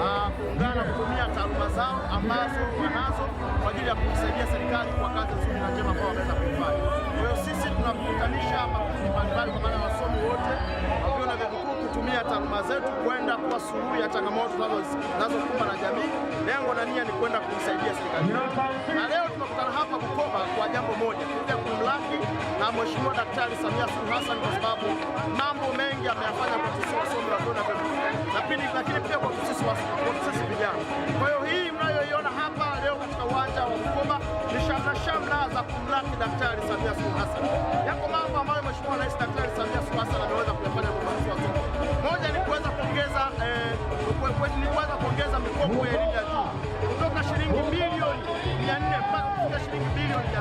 Ah, kuungana kutumia taaluma zao ambazo wanazo kwa ajili ya kuisaidia serikali kwa kazi nzuri na njema ambao wanaweza kuifanya. Kwa hiyo sisi tunakutanisha makundi mbalimbali kwa maana wasomi wote wa na vyuo vikuu kutumia taaluma zetu kwenda kuwa suluhu ya changamoto zinazokumba na jamii. Lengo na nia ni kwenda kuisaidia serikali na leo tumekutana hapa Bukoba kwa jambo moja, kuja kumlaki na Mheshimiwa Daktari Samia Suluhu Hassan kwa sababu mambo mengi ameyafanya kwa kuweza kumlaki Daktari Samia Suluhu Hassan. Yako mambo ambayo Mheshimiwa Rais Daktari Samia Suluhu Hassan ameweza kuyafanya kwa wananchi wa Songwe. Moja ni kuweza kuongeza eh, ni kuweza kuongeza mikopo ya elimu ya juu kutoka shilingi bilioni mia nne mpaka kufika shilingi bilioni mia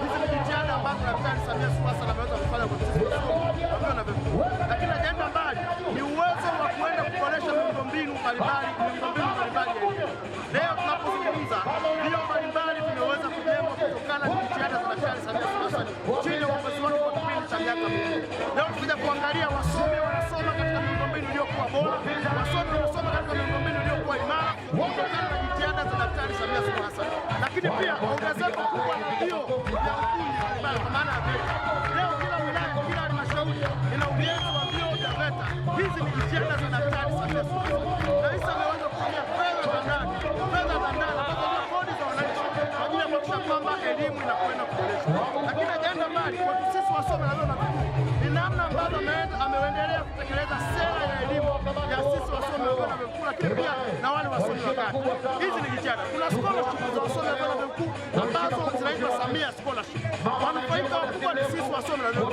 Hizi ni jitihada ambazo Daktari Samia Suluhu Hassan ameweza kufanya kwa sisi pamoja lakini ajaenda mbali ni uwezo wa kuenda kuboresha miundombinu mbalimbali kuja kuangalia wasome wanasoma katika miundombinu iliyokuwa bora, wasome wanasoma katika miundombinu iliyokuwa imara, kutokana na jitihada za Daktari Samia Suluhu Hassan, lakini pia ongezeko kubwa ndio ya uchumi kwa maana ya kuhakikisha kwamba elimu inakwenda kuboreshwa. Lakini ajenda mbali kwetu sisi wasomi na na ni namna ambavyo ameendelea kutekeleza sera ya elimu ya sisi wasomi na vyuo lakini pia na wale wasomi wa kati. Hizi ni jitihada. Kuna scholarship za wasomi na vyuo vikuu ambazo zinaitwa Samia scholarship. Wanufaika wakubwa ni sisi wasomi na vyuo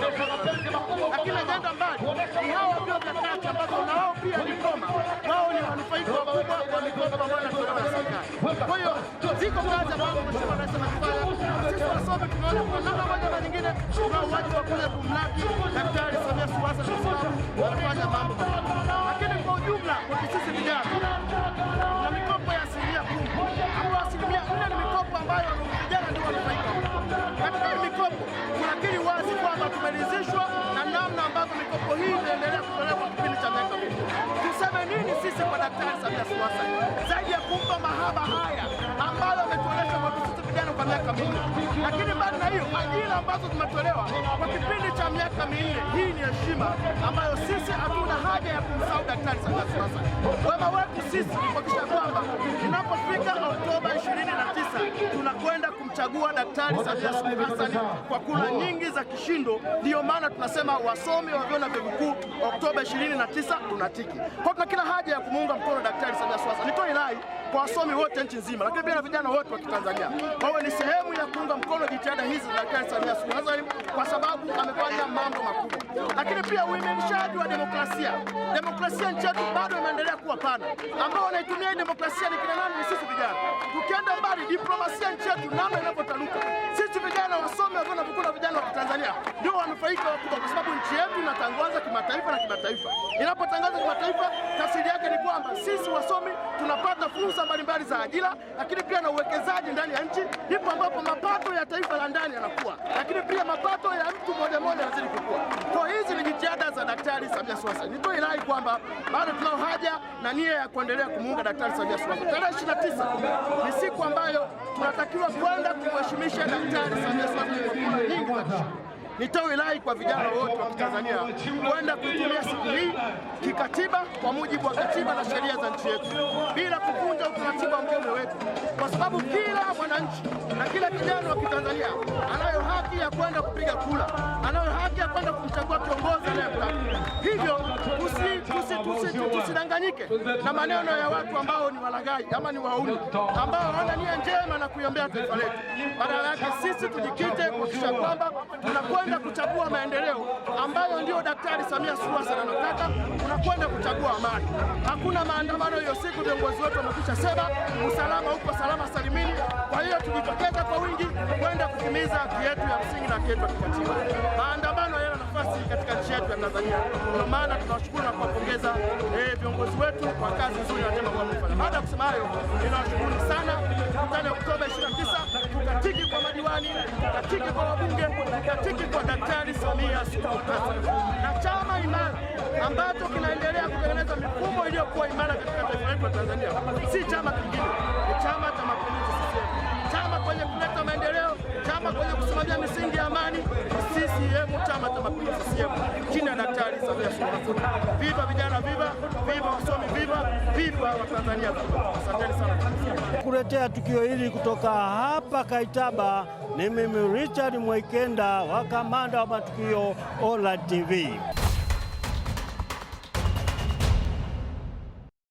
lakini ajenda mbali ni hawa vyuo vya kati ambazo na wao pia ni koma, wao ni wanufaika wakubwa wa mikopo ambayo inatolewa na serikali. Kwa hiyo ziko baadhi ambazo mheshimiwa rais amezifanya. Sisi wasomi tunaona kwa namna moja na nyingine tuna wajibu wa kuja kumlaki Daktari Samia Suluhu Hassan kwa sababu wanafanya mambo, lakini kwa ujumla kwetu sisi vijana na mikopo ya asilimia kumi ambayo asilimia nne ni mikopo ambayo vijana ndio wanufaika. Katika mikopo tunakiri wazi kwamba tumeridhishwa na namna ambavyo mikopo hii inaendelea kutolewa kwa kipindi cha miaka minne. Tuseme nini sisi kwa Daktari Samia Suluhu Hassan zaidi ya kumpa mahaba haya ambayo ametuonesha kwa sisi vijana kwa miaka minne, lakini mbali na hiyo ajira ambazo zimetolewa kwa kipindi cha miaka minne, hii ni heshima ambayo sisi hatuna haja ya kumsahau Daktari Samia Suluhu Hassan. Wema wetu sisi ni kuhakikisha kwamba inapofika Oktoba 29 kumchagua Daktari Samia Suluhu Hassan kwa kura nyingi za kishindo. Ndiyo maana tunasema wasomi wa vyuo na vyuo vikuu Oktoba 29 tunatiki. Kwa tuna kila haja ya kumuunga mkono Daktari Samia Suluhu Hassan. Nitoe rai kwa wasomi wote nchi nzima, lakini pia na vijana wote wa Kitanzania wawe ni sehemu ya kuunga mkono jitihada hizi za Daktari Samia Suluhu Hassan kwa sababu demokrasia. Demokrasia nchi yetu bado imeendelea kuwa pana, ambao wanaitumia hii demokrasia ni kina nani? Ni sisi vijana. Tukienda mbali, diplomasia nchi yetu namna inavyotanuka, sisi vijana wasome ambao na vijana wa Tanzania ndio wanufaika wakubwa, kwa sababu nchi yetu inatangaza kimataifa na kimataifa. Inapotangaza kimataifa, tafsiri yake ni kwamba sisi wasomi tunapata fursa mbalimbali za ajira, lakini pia na uwekezaji ndani ya nchi, ndipo ambapo mapato ya taifa la ndani yanakuwa, lakini pia mapato ya Daktari Samia Suluhu Hassan. Nitoe rai kwamba bado tunao haja na nia ya kuendelea kumuunga Daktari Samia Suluhu Hassan. Tarehe 29 ni siku ambayo tunatakiwa kwenda kumheshimisha Daktari Samia Suluhu Hassan kwa kura nyingi kabisa. Nitoe rai kwa vijana wote wa Kitanzania kwenda kuitumia siku hii kikatiba kwa mujibu wa katiba na sheria za nchi yetu bila kuvunja utaratibu wa mkeme wetu, kwa sababu kila mwananchi na kila kijana wa Kitanzania anayo haki ya kwenda kupiga kura, anayo haki ya kwenda kumchagua kiongozi anayemtaka hivyo tusidanganyike na maneno ya watu ambao ni walagai ama ni wauni ambao hawana nia njema na kuiombea taifa letu. Badala yake sisi tujikite kuhakikisha kwamba tunakwenda kuchagua maendeleo ambayo ndio Daktari Samia Suluhu Hassan anataka. Tunakwenda kuchagua amani, hakuna maandamano hiyo siku. Viongozi wetu wamekwisha sema usalama huko salama salimini. Kwa hiyo tujitokeza kwa wingi kwenda kutimiza haki yetu ya msingi na haki yetu ya kikatiba. maandamano nafasi katika nchi yetu ya Tanzania. Ndio maana tunawashukuru na kuwapongeza eh, viongozi eh, wetu kwa kazi nzuri na kwa mfano. Baada ya kusema hayo, ninawashukuru sana. Mkutano wa Oktoba 29 tukatiki kwa madiwani, tukatiki kwa wabunge, tukatiki kwa Daktari Samia Suluhu Hassan na chama imara ambacho kinaendelea kutengeneza mifumo iliyokuwa imara katika taifa letu la Tanzania, si chama kingine, ni chama cha mapinduzi chama kwenye kuleta maendeleo, chama kwenye kusimamia misingi ya amani CCM, Chama cha Mapinduzi CCM, chini ya Daktari Samia Suluhu Hassan. Viva vijana, viva viva wasomi, viva viva Watanzania, Asanteni sana kuletea tukio hili kutoka hapa Kaitaba. Ni mimi Richard Mwaikenda wa Kamanda wa Matukio Online TV.